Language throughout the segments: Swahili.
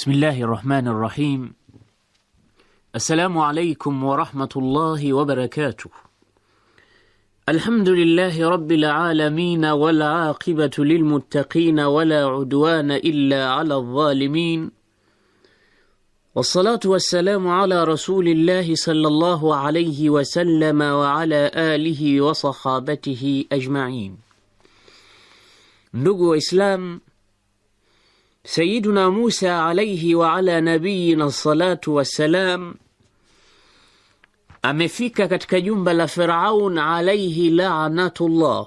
بسم الله الرحمن الرحيم السلام عليكم ورحمة الله وبركاته الحمد لله رب العالمين والعاقبة للمتقين ولا عدوان إلا على الظالمين والصلاة والسلام على رسول الله صلى الله عليه وسلم وعلى آله وصحابته أجمعين نقو إسلام Sayiduna Musa alaihi wa ala nabiyina salatu wassalam amefika katika jumba la Firaun alaihi laanatullah,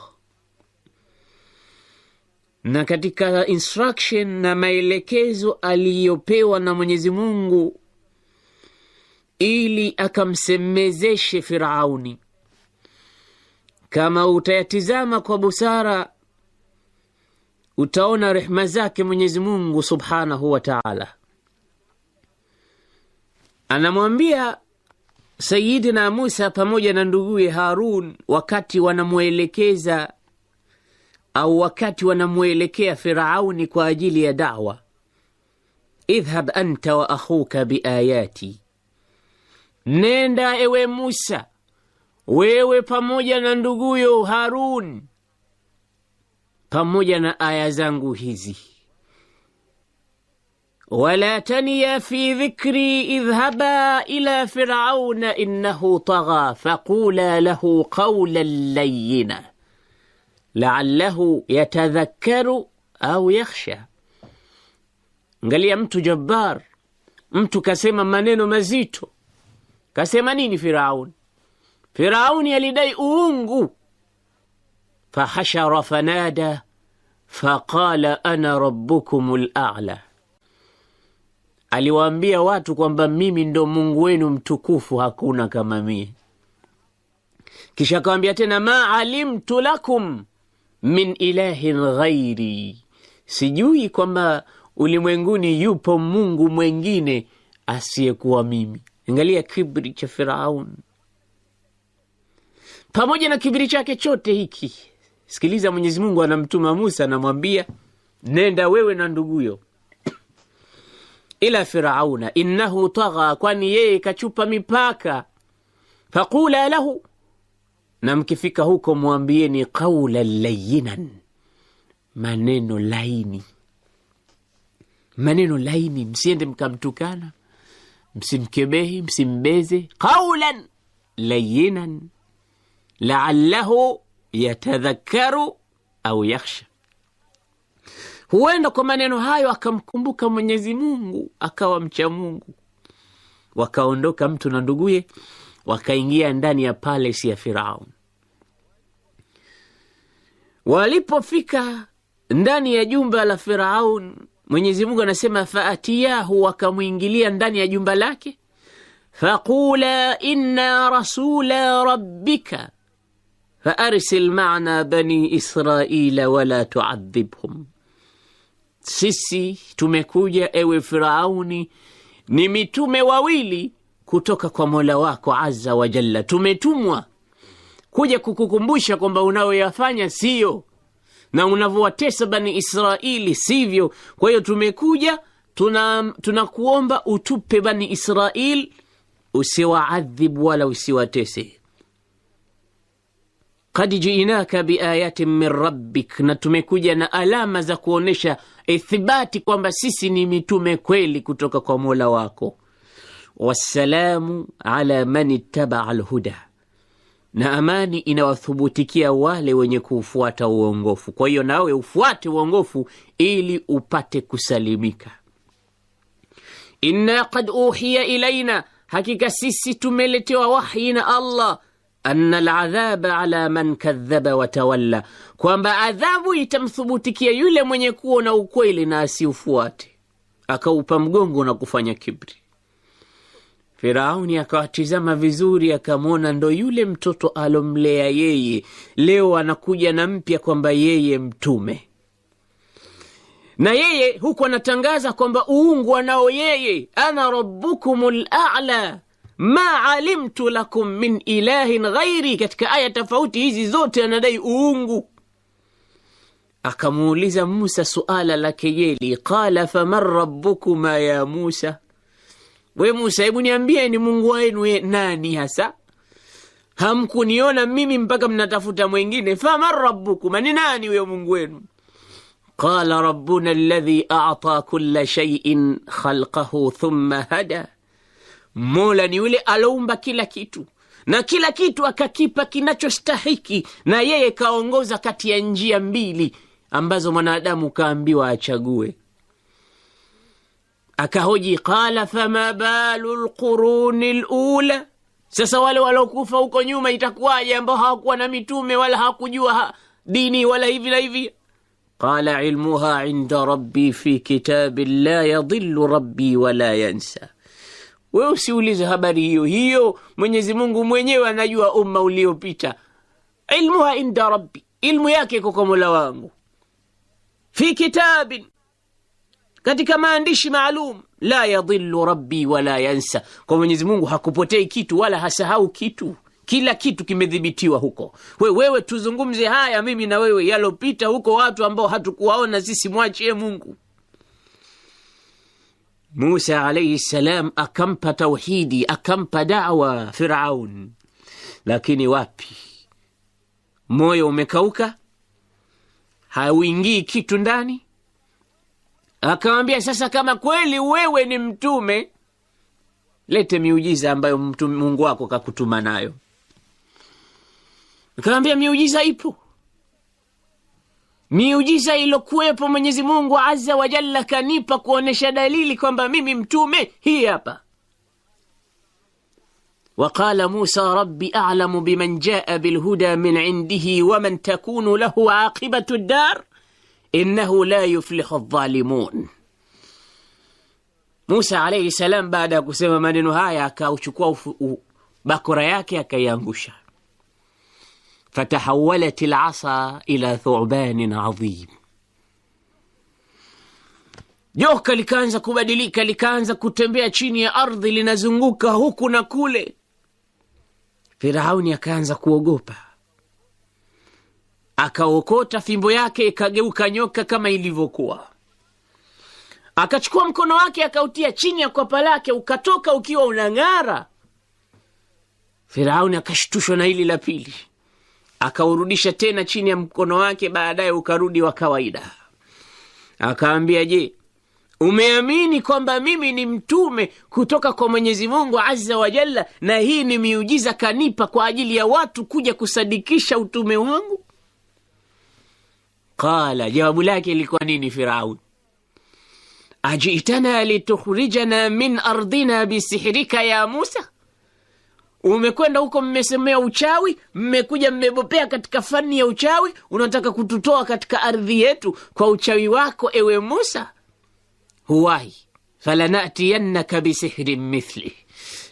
na katika instruction na maelekezo aliyopewa na Mwenyezi Mungu ili akamsemezeshe Firauni. Kama utayatizama kwa busara utaona rehma zake Mwenyezi Mungu subhanahu wa taala. Anamwambia Sayidina Musa pamoja na nduguye Harun wakati wanamwelekeza au wakati wanamwelekea Firauni kwa ajili ya dawa, idhhab anta wa akhuka biayati, nenda ewe Musa, wewe pamoja na nduguyo Harun pamoja na aya zangu hizi wala taniya fi dhikri idhhaba ila firauna innahu tagha faqula lahu qawlan layyina laallahu yatadhakkaru au yakhsha Ngalia mtu jabbar mtu kasema maneno mazito kasema nini firauni firauni alidai uungu فحشر فنادى faqala ana rabbukum lala aliwaambia watu kwamba mimi ndo Mungu wenu mtukufu, hakuna kama mimi. Kisha akawaambia tena, ma alimtu lakum min ilahin ghairi, sijui kwamba ulimwenguni yupo Mungu mwengine asiyekuwa mimi. Angalia kibri cha Firaun pamoja na kibri chake chote hiki Sikiliza, Mwenyezi Mungu anamtuma Musa, anamwambia nenda wewe na nduguyo ila Firauna innahu tagha, kwani yeye kachupa mipaka. fakula lahu, na mkifika huko mwambieni qaulan layinan, maneno laini, maneno laini. Msiende mkamtukana, msimkebehi, msimbeze. Qaulan layinan laallahu yatadhakaru au yakhsha. Huenda kwa maneno hayo akamkumbuka Mwenyezi Mungu akawa mcha Mungu. Wakaondoka mtu na nduguye, wakaingia ndani ya palesi ya Firaun. Walipofika ndani ya jumba la Firaun, Mwenyezi Mungu anasema faatiyahu, wakamwingilia ndani ya jumba lake, faqula inna rasula rabbika faarsil maana bani Israila wala tuadhibhum, sisi tumekuja ewe Firauni ni mitume wawili kutoka kwa Mola wako aza wa jalla, tumetumwa kuja kukukumbusha kwamba unayoyafanya siyo na unavyowatesa bani Israili sivyo. Kwa hiyo tumekuja tunakuomba, tuna utupe bani Israil, usiwaadhibu wala usiwatese. Kad jiinaka biayatin min rabbik, na tumekuja na alama za kuonyesha ithibati kwamba sisi ni mitume kweli kutoka kwa mola wako. Wassalamu ala man ittabaa alhuda, na amani inawathubutikia wale wenye kuufuata uongofu. Kwa hiyo nawe ufuate uongofu ili upate kusalimika. Inna kad uhiya ilaina, hakika sisi tumeletewa wahyi na Allah anna aladhaba ala man kadhaba watawalla, kwamba adhabu itamthubutikia yule mwenye kuona ukweli na asiufuate akaupa mgongo na kufanya kibri. Firauni akawatizama vizuri, akamwona ndo yule mtoto alomlea yeye, leo anakuja na mpya kwamba yeye mtume, na yeye huku anatangaza kwamba uungwa nao yeye, ana rabukum lala ma alimtu lakum min ilahin ghairi, katika aya tofauti hizi zote anadai uungu. Akamuuliza Musa suala la kejeli, qala faman rabbukuma ya Musa, we Musa, hebu niambie ni Mungu wenu nani hasa? Hamkuniona mimi mpaka mnatafuta mwingine. Faman rabbukuma, ni nani huyo Mungu wenu? Qala rabbuna alladhi a'ta kulla shay'in khalqahu thumma hada Mola ni yule aloumba kila kitu na kila kitu akakipa kinachostahiki, na yeye kaongoza kati ya njia mbili ambazo mwanadamu kaambiwa achague. Akahoji, qala fama balu lquruni lula, sasa wale walokufa huko nyuma itakuwaje, ambao hawakuwa na mitume wala hawakujua ha, dini wala hivi na hivi? Qala ilmuha inda rabbi fi kitabin la yadilu rabbi wala yansa wewe usiulize habari hiyo hiyo. Mwenyezi Mungu mwenyewe anajua umma uliopita. Ilmuha inda rabbi, ilmu yake iko kwa mola wangu. Fi kitabin, katika maandishi maalum. La yadilu rabbi wala yansa, kwa Mwenyezi Mungu hakupotei kitu wala hasahau kitu. Kila kitu kimedhibitiwa huko. We, wewe tuzungumze haya mimi na wewe yalopita huko, watu ambao hatukuwaona sisi, mwachie Mungu Musa alaihi salam akampa tauhidi, akampa dawa Firaun, lakini wapi, moyo umekauka, hauingii kitu ndani. Akamwambia, sasa kama kweli wewe ni mtume, lete miujiza ambayo Mungu wako kakutuma nayo. Akamwambia, miujiza ipo Miujiza ilokuwepo Mwenyezi Mungu azza wa jalla kanipa kuonyesha dalili kwamba mimi mtume, hii hapa. Waqala Musa rabbi a'lamu biman jaa bilhuda min indihi waman takunu lahu aqibatu ddar innahu la yuflihu dhalimun. Musa alayhi salam baada ya kusema maneno haya akauchukua bakora yake akaiangusha فتحولت العصا إلى thu'ban adhim. Joka likaanza kubadilika, likaanza kutembea chini ya ardhi, linazunguka huku na kule. Firauni akaanza kuogopa, akaokota fimbo yake ikageuka nyoka kama ilivyokuwa. Akachukua mkono wake akautia chini ya kwapa lake, ukatoka ukiwa unang'ara. Firauni akashtushwa na hili la pili akaurudisha tena chini ya mkono wake, baadaye ukarudi wa kawaida. Akaambia, je, umeamini kwamba mimi ni mtume kutoka kwa Mwenyezi Mungu azza wa jalla, na hii ni miujiza kanipa kwa ajili ya watu kuja kusadikisha utume wangu? Qala, jawabu lake ilikuwa nini? Firaun, ajitana litukhrijana min ardina bisihrika ya Musa Umekwenda huko, mmesemea uchawi, mmekuja mmebopea katika fani ya uchawi, unataka kututoa katika ardhi yetu kwa uchawi wako, ewe Musa? huwai falanatiyannaka bisihrin mithli,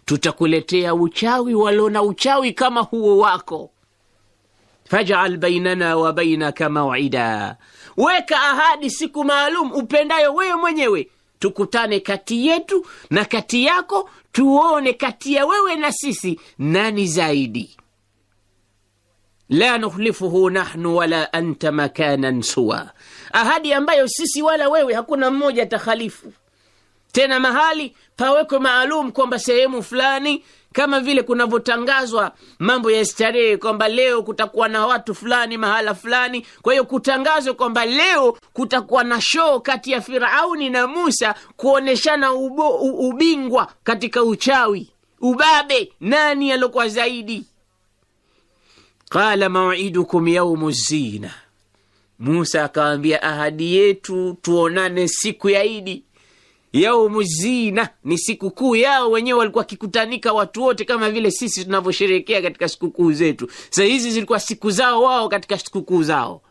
tutakuletea uchawi walona uchawi kama huo wako. Fajal bainana wa bainaka mawida, weka ahadi, siku maalum upendayo wewe mwenyewe tukutane kati yetu na kati yako, tuone kati ya wewe na sisi nani zaidi. La nukhlifuhu nahnu wala anta makanan suwa, ahadi ambayo sisi wala wewe hakuna mmoja atakhalifu tena mahali pawekwe maalum kwamba sehemu fulani kama vile kunavyotangazwa mambo ya starehe kwamba leo kutakuwa na watu fulani mahala fulani. Kwa hiyo kutangazwe kwamba leo kutakuwa na shoo kati ya Firauni na Musa kuonyeshana ubingwa katika uchawi, ubabe, nani aliokuwa zaidi. Qala mawidukum yaumu zina, Musa akawambia ahadi yetu tuonane siku ya Idi yaumu zina, ni sikukuu yao wenyewe, walikuwa wakikutanika watu wote, kama vile sisi tunavyosherekea katika sikukuu zetu. Sa hizi zilikuwa siku zao wao katika sikukuu zao.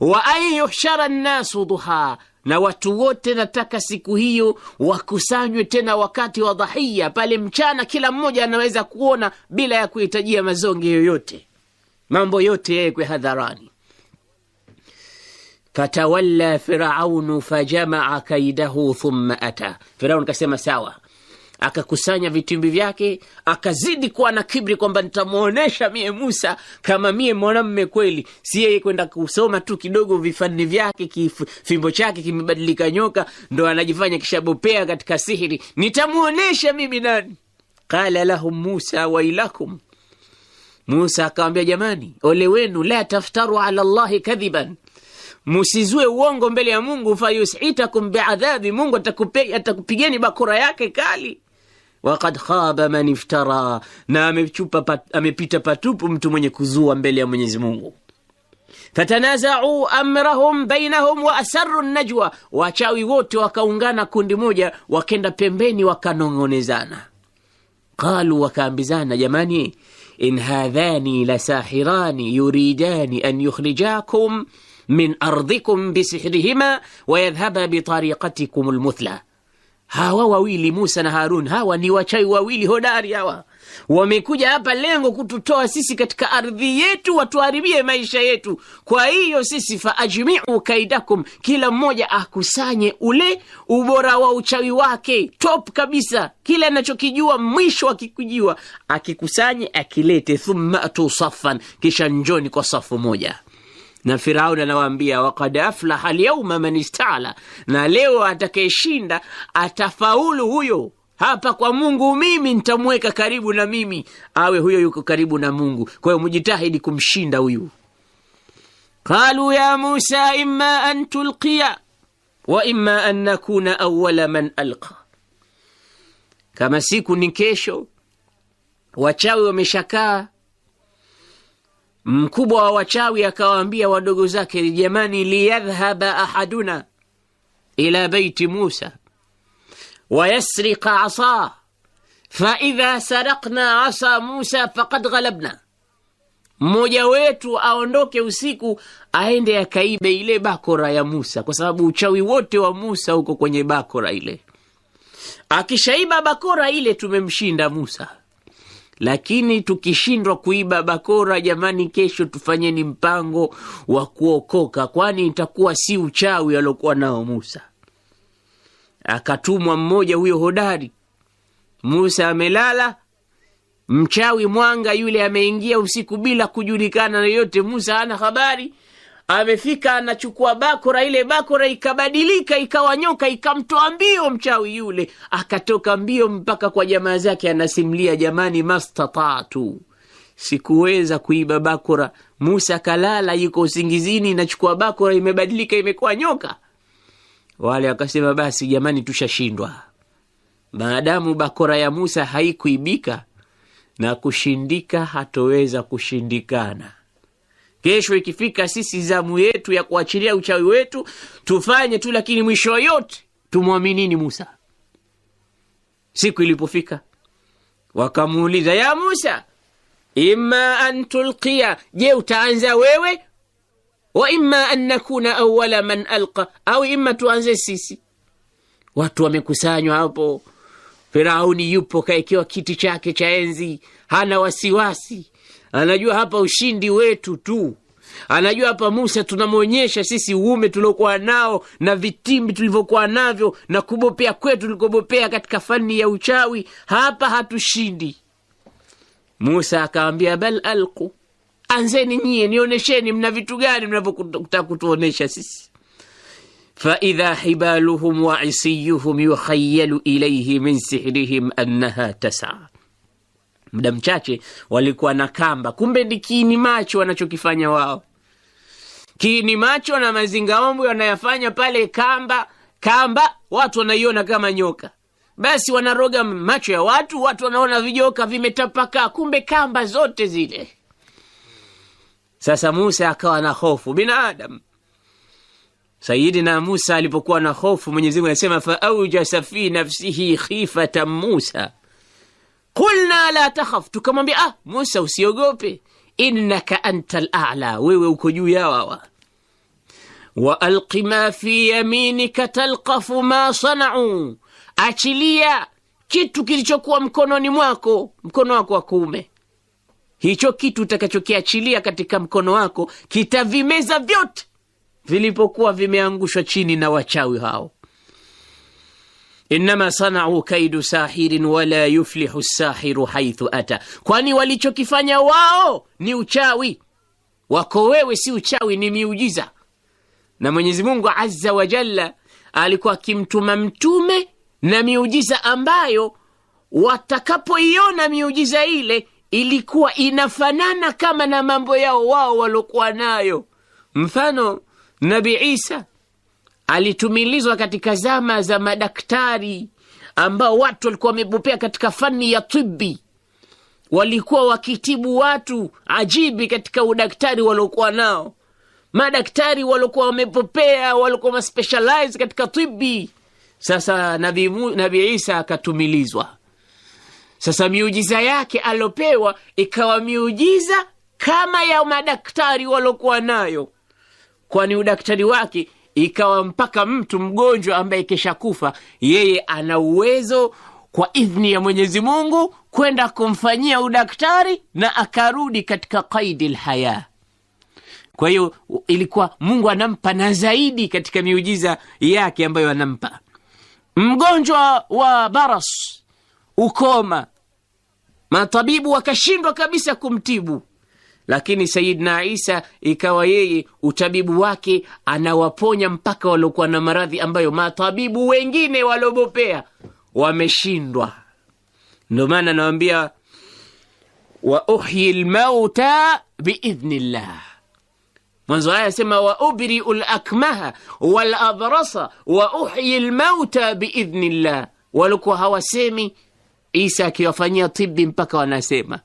wa an yuhshara nnasu duha, na watu wote nataka siku hiyo wakusanywe tena wakati wa dhahiya, pale mchana kila mmoja anaweza kuona bila ya kuhitajia mazonge yoyote, mambo yote kwe hadharani fatawalla firaunu fajamaa kaidahu thumma ata, Firaun kasema sawa, akakusanya vitimbi vyake, akazidi kuwa na kibri kwamba nitamwonyesha mie Musa kama mie mwanamme kweli, si yeye kwenda kusoma tu kidogo vifani vyake, kifimbo chake kimebadilika nyoka, ndo anajifanya kishabopea katika sihiri, nitamwonyesha mimi nani. Qala lahum Musa wailakum Musa akawambia, jamani, ole wenu, la taftaru ala llahi kadhiban musizue uongo mbele ya Mungu, fayusitakum biadhabi, Mungu atakupigeni bakora yake kali. Wakad khaba man iftara, na amechupa pat, amepita patupu mtu mwenye kuzua mbele ya Mwenyezi Mungu. Fatanazau amrahum bainahum wa asaru najwa, wachawi wote wakaungana kundi moja, wakenda pembeni wakanong'onezana. Qalu, wakaambizana, jamani, in hadhani la sahirani yuridani an yukhrijakum min ardhikum bisihrihima wayadhhaba bitariqatikum lmuthla. Hawa wawili Musa na Harun, hawa ni wachawi wawili hodari. Hawa wamekuja hapa lengo kututoa sisi katika ardhi yetu, watuharibie maisha yetu. Kwa hiyo sisi, faajmiu kaidakum, kila mmoja akusanye ule ubora wa uchawi wake top kabisa, kile anachokijua, mwisho akikujua, akikusanye akilete, thumma tusaffan, kisha njoni kwa safu moja na Firauni anawaambia wakad aflaha alyauma man istala, na leo atakayeshinda atafaulu huyo hapa kwa Mungu, mimi nitamweka karibu na mimi, awe huyo yuko karibu na Mungu. Kwa hiyo mjitahidi kumshinda huyu. Qalu ya Musa imma an tulqiya wa imma an nakuna awala man alqa, kama siku ni kesho, wachawi wameshakaa Mkubwa wa wachawi akawaambia wadogo zake, jamani, liyadhhaba ahaduna ila baiti Musa wayasriqa asa faidha sarakna asa Musa fakad ghalabna, mmoja wetu aondoke usiku aende akaibe ile bakora ya Musa, kwa sababu uchawi wote wa Musa uko kwenye bakora ile. Akishaiba bakora ile tumemshinda Musa. Lakini tukishindwa kuiba bakora, jamani, kesho tufanyeni mpango wa kuokoka, kwani itakuwa si uchawi aliokuwa nao Musa. Akatumwa mmoja huyo hodari. Musa amelala, mchawi mwanga yule ameingia usiku bila kujulikana na yote. Musa hana habari amefika anachukua bakora, ile bakora ikabadilika ikawa nyoka, ikamtoa mbio mchawi yule, akatoka mbio mpaka kwa jamaa zake, anasimlia jamani, mastatatu sikuweza kuiba bakora. Musa kalala, yuko usingizini, nachukua bakora, imebadilika imekuwa nyoka. Wale wakasema basi, jamani, tushashindwa. Maadamu bakora ya Musa haikuibika na kushindika, hatoweza kushindikana. Kesho ikifika, sisi zamu yetu ya kuachilia uchawi wetu tufanye tu, lakini mwisho yote tumwaminini Musa. Siku ilipofika wakamuuliza, ya Musa, imma an tulkia je, utaanza wewe? Wa imma an nakuna awala man alka au imma tuanze sisi. Watu wamekusanywa hapo, Firauni yupo kaekewa kiti chake cha enzi, hana wasiwasi anajua hapa ushindi wetu tu, anajua hapa Musa tunamwonyesha sisi uume tuliokuwa nao na vitimbi tulivyokuwa navyo na kubopea kwetu tulikobopea katika fani ya uchawi, hapa hatushindi. Musa akawambia bal alku anzeni nyie, nionyesheni mna vitu gani mnavyotaka kutuonyesha sisi. faidha hibaluhum wa isiyuhum yukhayalu ilaihi min sihrihim annaha tasaa muda mchache walikuwa na kamba. Kumbe ni kiini macho wanachokifanya wao, kiini macho na mazingaombwe wanayafanya pale kamba. Kamba watu wanaiona kama nyoka, basi wanaroga macho ya watu, watu wanaona vijoka vimetapakaa, kumbe kamba zote zile. Sasa Musa akawa na hofu binadamu Sayidina Musa alipokuwa na hofu, Mwenyezi anasema faaujasa fi nafsihi khifatan Musa kulna la takhaf, tukamwambia ah, Musa usiogope, innaka anta lala, wewe uko juu yawawa hawa. Wa alqi ma fi yaminika talqafu ma sanau, achilia kitu kilichokuwa mkononi mwako, mkono wako wa kuume. Hicho kitu utakachokiachilia katika mkono wako kitavimeza vyote vilipokuwa vimeangushwa chini na wachawi hao. Innama sanau kaidu sahirin wala yuflihu sahiru haithu ata, kwani walichokifanya wao ni uchawi wako wewe, si uchawi, ni miujiza. Na Mwenyezi Mungu azza wa jalla alikuwa akimtuma mtume na miujiza ambayo watakapoiona miujiza ile ilikuwa inafanana kama na mambo yao wao waliokuwa nayo. Mfano Nabi Isa alitumilizwa katika zama za madaktari ambao watu walikuwa wamebopea katika fani ya tibi, walikuwa wakitibu watu ajibi katika udaktari waliokuwa nao. Madaktari waliokuwa wamepopea, walikuwa wamespecialize katika tibi. Sasa nabi Isa akatumilizwa. Sasa miujiza yake aliopewa ikawa miujiza kama ya madaktari waliokuwa nayo, kwani udaktari wake ikawa mpaka mtu mgonjwa ambaye kesha kufa yeye ana uwezo kwa idhni ya Mwenyezi Mungu kwenda kumfanyia udaktari na akarudi katika qaidi lhaya. Kwa hiyo ilikuwa Mungu anampa na zaidi katika miujiza yake ambayo anampa mgonjwa wa baras, ukoma, matabibu wakashindwa kabisa kumtibu lakini Sayidna Isa ikawa yeye utabibu wake anawaponya mpaka waliokuwa na maradhi ambayo matabibu wengine waliobopea wameshindwa. Ndio maana anawambia wa uhyi lmauta biidhnillah. Mwanzo aya asema wa ubriu lakmaha walabrasa wa uhyi lmauta biidhnillah. Walikuwa hawasemi, Isa akiwafanyia tibi mpaka wanasema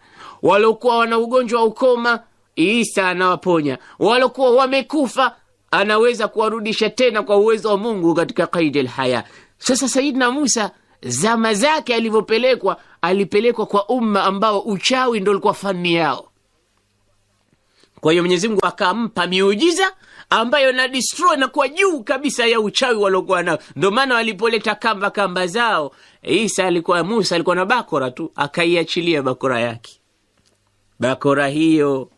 waliokuwa wana ugonjwa wa ukoma Isa anawaponya, waliokuwa wamekufa anaweza kuwarudisha tena kwa uwezo wa Mungu katika qaidi lhaya. Sasa Sayidina Musa zama zake alivyopelekwa, alipelekwa kwa umma ambao uchawi ndo ulikuwa fani yao. Kwa hiyo Mwenyezi Mungu akampa miujiza ambayo na destroy na kuwa juu kabisa ya uchawi waliokuwa nao. Ndio maana walipoleta kamba kamba zao, Isa alikuwa Musa alikuwa na bakora tu, akaiachilia bakora yake bakora hiyo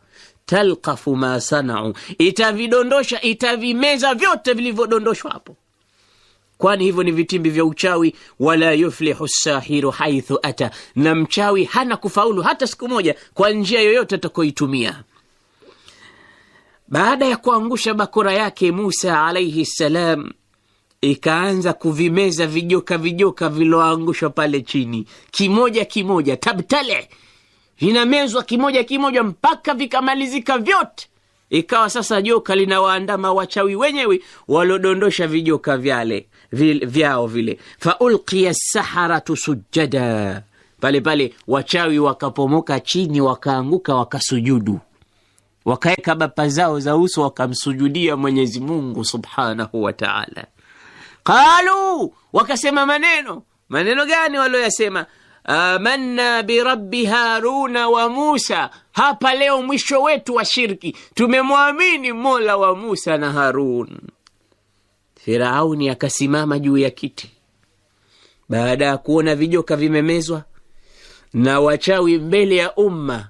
talqafu ma sanau, itavidondosha itavimeza vyote vilivyodondoshwa hapo, kwani hivyo ni vitimbi vya uchawi. Wala yuflihu sahiru haithu ata, na mchawi hana kufaulu hata siku moja kwa njia yoyote atakoitumia. Baada ya kuangusha bakora yake Musa alaihi ssalam, ikaanza kuvimeza vijoka vijoka viloangushwa pale chini, kimoja kimoja, tabtale vinamezwa kimoja kimoja mpaka vikamalizika vyote. Ikawa sasa joka linawaandama wachawi wenyewe walodondosha vijoka vyale vil, vyao vile. faulqiya saharatu sujada pale pale wachawi wakapomoka chini wakaanguka wakasujudu, wakaweka bapa zao za uso wakamsujudia Mwenyezi Mungu subhanahu wataala taala. Qalu, wakasema maneno maneno gani walioyasema amanna birabbi Haruna wa Musa. Hapa leo mwisho wetu wa shirki, tumemwamini Mola wa Musa na Harun. Firauni akasimama juu ya kiti baada ya kuona vijoka vimemezwa na wachawi mbele ya umma.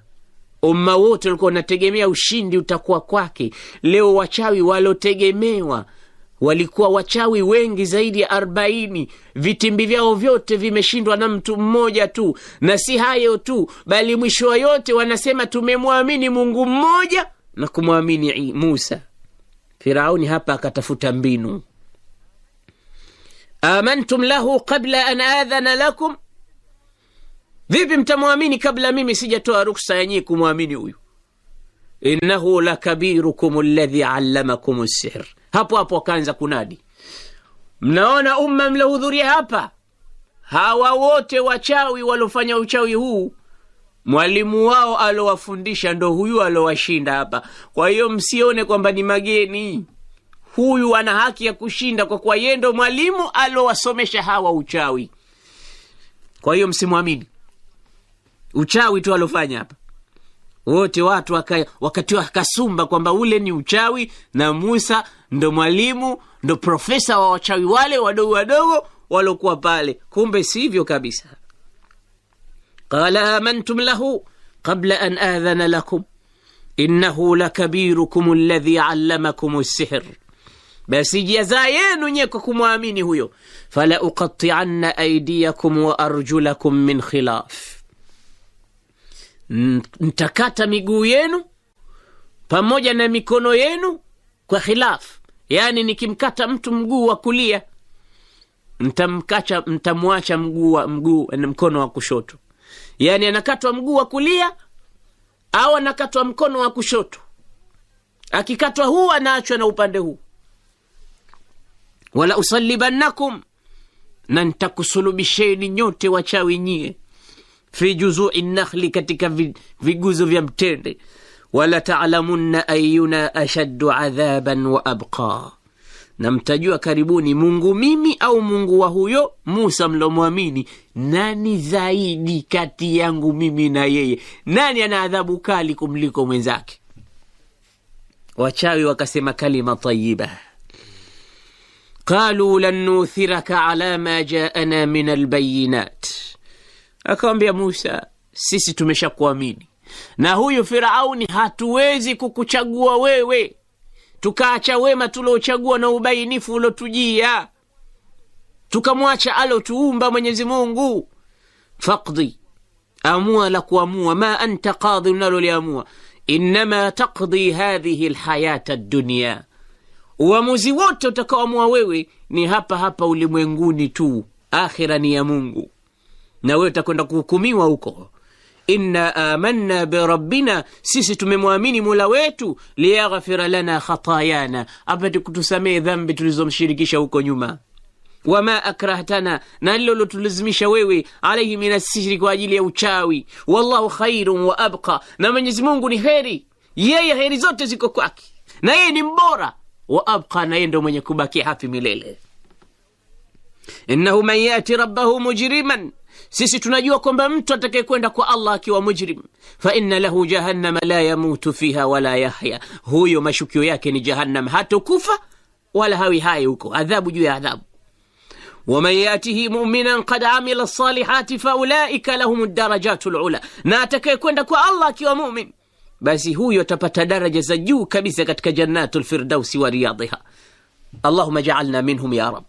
Umma wote ulikuwa unategemea ushindi utakuwa kwake. Leo wachawi walotegemewa walikuwa wachawi wengi zaidi ya arobaini. Vitimbi vyao vyote vimeshindwa na mtu mmoja tu, na si hayo tu, bali mwisho wa yote wanasema tumemwamini Mungu mmoja na kumwamini Musa. Firauni hapa akatafuta mbinu. Amantum lahu kabla an adhana lakum, vipi mtamwamini kabla mimi sijatoa ruksa yenyewe kumwamini huyu? Innahu lakabirukum ladhi allamakum sihr hapo hapo wakaanza kunadi, mnaona umma mliohudhuria hapa, hawa wote wachawi waliofanya uchawi huu mwalimu wao alowafundisha ndo huyu alowashinda hapa. Kwa hiyo msione kwamba ni mageni, huyu ana haki ya kushinda kwa kuwa yeye ndo mwalimu alowasomesha hawa uchawi. Kwa hiyo msimwamini uchawi tu alofanya hapa wote, watu wakatiwa waka kasumba kwamba ule ni uchawi na Musa ndo mwalimu, ndo profesa wa wachawi wale wadogo wadogo walokuwa pale. Kumbe sivyo kabisa. Qala amantum lahu qabla an adhana lakum innahu lakabirukum alladhi allamakum sihr, basi jaza yenu nye kwa kumwamini huyo. Fala uqatianna aidiyakum wa arjulakum min khilaf, ntakata miguu yenu pamoja na mikono yenu kwa khilafu yaani nikimkata mtu mguu wa kulia ntamkacha ntamwacha mguu wa mguu eh, mkono wa kushoto, yaani anakatwa mguu wa kulia au anakatwa mkono wa kushoto. Akikatwa huu anaachwa na upande huu. Wala usalibannakum, na ntakusulubisheni nyote wachawi nyie, fi juzui nakhli, katika viguzo vya mtende walatalamunna ayuna ashaddu adhaban wa abqa, na mtajua karibuni Mungu mimi au Mungu wa huyo Musa mlomwamini, nani zaidi kati yangu mimi na yeye, nani ana adhabu kali kumliko mwenzake? Wachawi wakasema kalima tayiba qalu lan nuthiraka ala ma jaana min albayinat. Akawambia Musa, sisi tumeshakuamini na huyu Firauni hatuwezi kukuchagua wewe tukaacha wema tuliochagua na ubainifu ulotujia tukamwacha alotuumba Mwenyezi Mungu. Faqdi, amua la kuamua, ma anta qadhi, unaloliamua. Innama taqdi hadhihi lhayata ddunya uamuzi wote utakaoamua wewe ni hapa hapa ulimwenguni tu, akhira ni ya Mungu na wewe utakwenda kuhukumiwa huko inna amanna birabbina, sisi tumemwamini mola wetu, liyaghfira lana khatayana, apate kutusamehe dhambi tulizomshirikisha huko nyuma wama akrahtana, na lilo wewe alaihi minasihri, kwa ajili ya uchawi. Wallahu khairun wa abqa, na Mwenyezi Mungu ni heri yeye, heri zote ziko kwake na yeye ni mbora wa abqa, na yeye ndo mwenye kubakia hafi milele. innahu man yati rabbahu mujriman sisi tunajua kwamba mtu atakayekwenda kwa Allah akiwa mujrim, fa inna lahu jahannama la yamutu fiha wala yahya, huyo mashukio yake ni Jahannam, hatokufa wala hawi hai huko, adhabu juu ya adhabu. Waman yatihi muminan kad amila lsalihati faulaika lahum darajatu lula, na atakayekwenda kwa Allah akiwa mumin, basi huyo atapata daraja za juu kabisa katika Jannatu lfirdausi wa riyadhiha. Allahuma jaalna minhum ya rab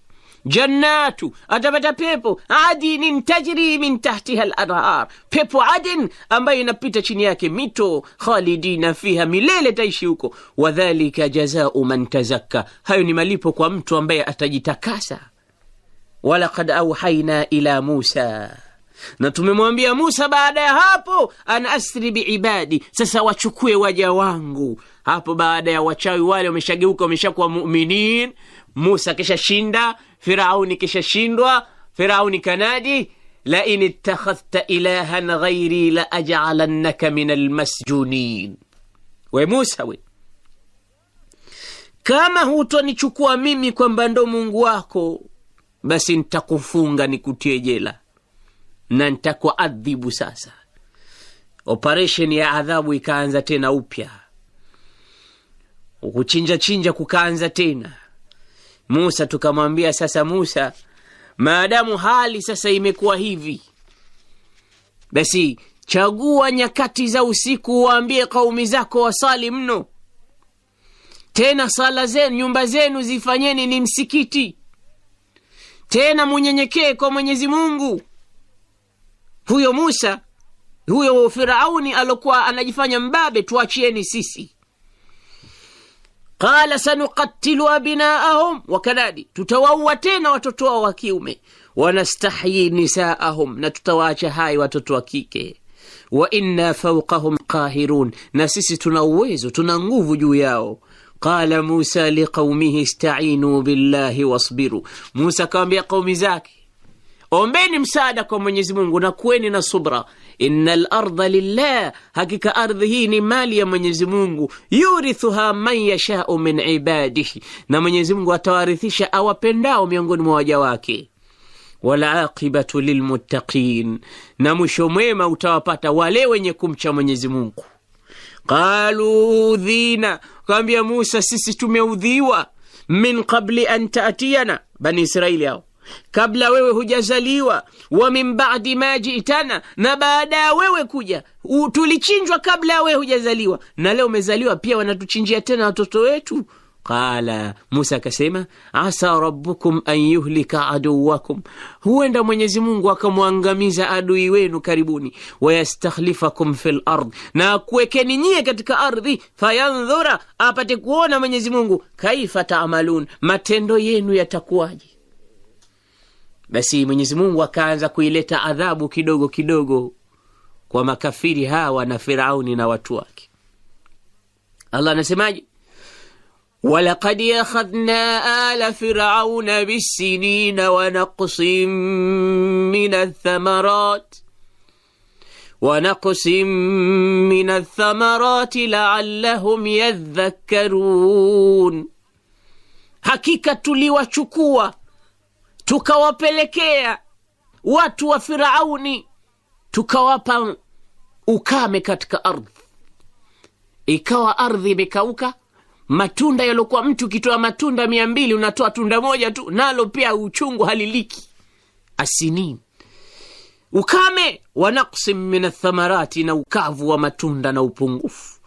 jannatu atapata pepo adinin tajri min tahtiha al pepo adin ambayo inapita chini yake mito, khalidina fiha, milele taishi huko. Wadhalika jazau man tazakka, hayo ni malipo kwa mtu ambaye atajitakasa. Walaqad auhaina ila Musa na tumemwambia Musa baada ya hapo, ana asri biibadi, sasa wachukue waja wangu. Hapo baada ya wachawi wale wameshageuka, wameshakuwa muminin. Musa kishashinda, Firauni kishashindwa, Firauni kanadi lain itakhadhta ilahan ghairi la aj'alannaka min almasjunin. We Musa, we kama hutonichukua mimi kwamba ndo Mungu wako, basi ntakufunga nikutie jela na ntakuadhibu sasa. Operesheni ya adhabu ikaanza tena upya, chinja kukaanza tena. Musa tukamwambia sasa, Musa, maadamu hali sasa imekuwa hivi, basi chagua nyakati za usiku, waambie kaumi zako wasali mno, tena sala zenu nyumba zenu zifanyeni ni msikiti, tena munyenyekee kwa Mwenyezi Mungu huyo Musa, huyo Firauni alokuwa anajifanya mbabe, tuachieni sisi. Qala sanukatilu abinaahum, wakanadi, tutawaua tena watoto wao wa kiume, wanastahyi nisaahum, na tutawaacha hai watoto wa kike wa inna fawqahum qahirun, na sisi tuna uwezo, tuna nguvu juu yao. Qala Musa liqaumihi istainu billahi wasbiru, Musa akawambia qaumi zake Ombeni msaada kwa Mwenyezi Mungu na kuweni na subra. Innal lardha lillah, hakika ardhi hii ni mali ya Mwenyezi Mungu. Yurithuha man yashau min ibadihi, na Mwenyezi Mungu atawarithisha awapendao miongoni mwa waja wake. Walaqibatu lilmuttaqin, na mwisho mwema utawapata wale wenye kumcha Mwenyezi Mungu. Qalu udhina, kaambia Musa, sisi tumeudhiwa. Min qabli an taatiyana, Bani israeli hao kabla wewe hujazaliwa, wa min badi ma jitana, na baada ya wewe kuja. Tulichinjwa kabla ya wewe hujazaliwa, na leo umezaliwa pia, wanatuchinjia tena watoto wetu. Qala Musa akasema, asa rabbukum an yuhlika aduwakum, huenda Mwenyezi Mungu akamwangamiza adui wenu karibuni. Wayastakhlifakum fi lardi na akuwekeni nyie katika ardhi. Fayandhura, apate kuona Mwenyezi Mungu kaifa taamalun, matendo yenu yatakuwaje. basi mwenyezi mungu akaanza kuileta adhabu kidogo kidogo kwa makafiri hawa na firauni na watu wake allah anasemaje ولقد أخذنا آل فرعون بالسنين ونقص min الثمرات ونقص من الثمرات لعلهم يذكرون hakika tuliwachukua tukawapelekea watu wa Firauni tukawapa ukame katika ardhi, ikawa ardhi imekauka. Matunda yaliokuwa mtu ukitoa matunda mia mbili unatoa tunda moja tu, nalo pia uchungu haliliki asini ukame wa naqsi min athamarati, na ukavu wa matunda na upungufu.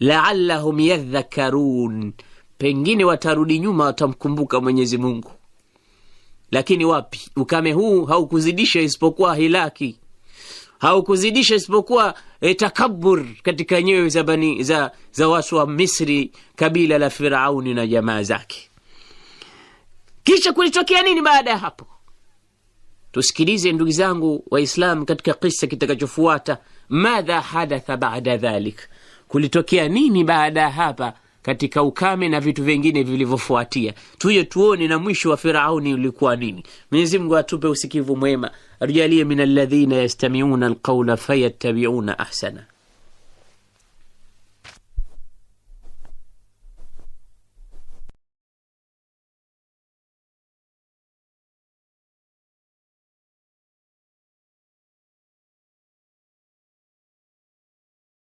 Laallahum yadhakarun, pengine watarudi nyuma, watamkumbuka Mwenyezi Mungu. Lakini wapi, ukame huu haukuzidisha isipokuwa hilaki, haukuzidisha isipokuwa e, eh, takabur katika nyoyo za bani za, za wasu wa Misri, kabila la Firauni na jamaa zake. Kisha kulitokea nini baada ya hapo? Tusikilize ndugu zangu waislam katika kisa kitakachofuata, madha hadatha bada dhalik, kulitokea nini baada ya hapa katika ukame na vitu vingine vilivyofuatia. tuye tuone na mwisho wa Firauni ulikuwa nini. Mwenyezi Mungu atupe usikivu mwema, rijalie min alladhina yastamiuna alqaula fayattabiuna ahsana.